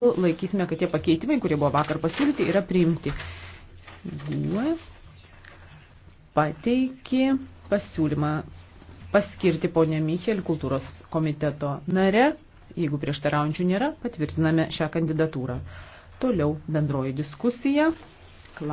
laikysime, kad tie pakeitimai, kurie buvo vakar pasiūlyti, yra priimti. Jie pateikė pasiūlymą paskirti ponę Michel kultūros komiteto nare. Jeigu prieštaraujančių nėra, patvirtiname šią kandidatūrą. Toliau bendroji diskusija.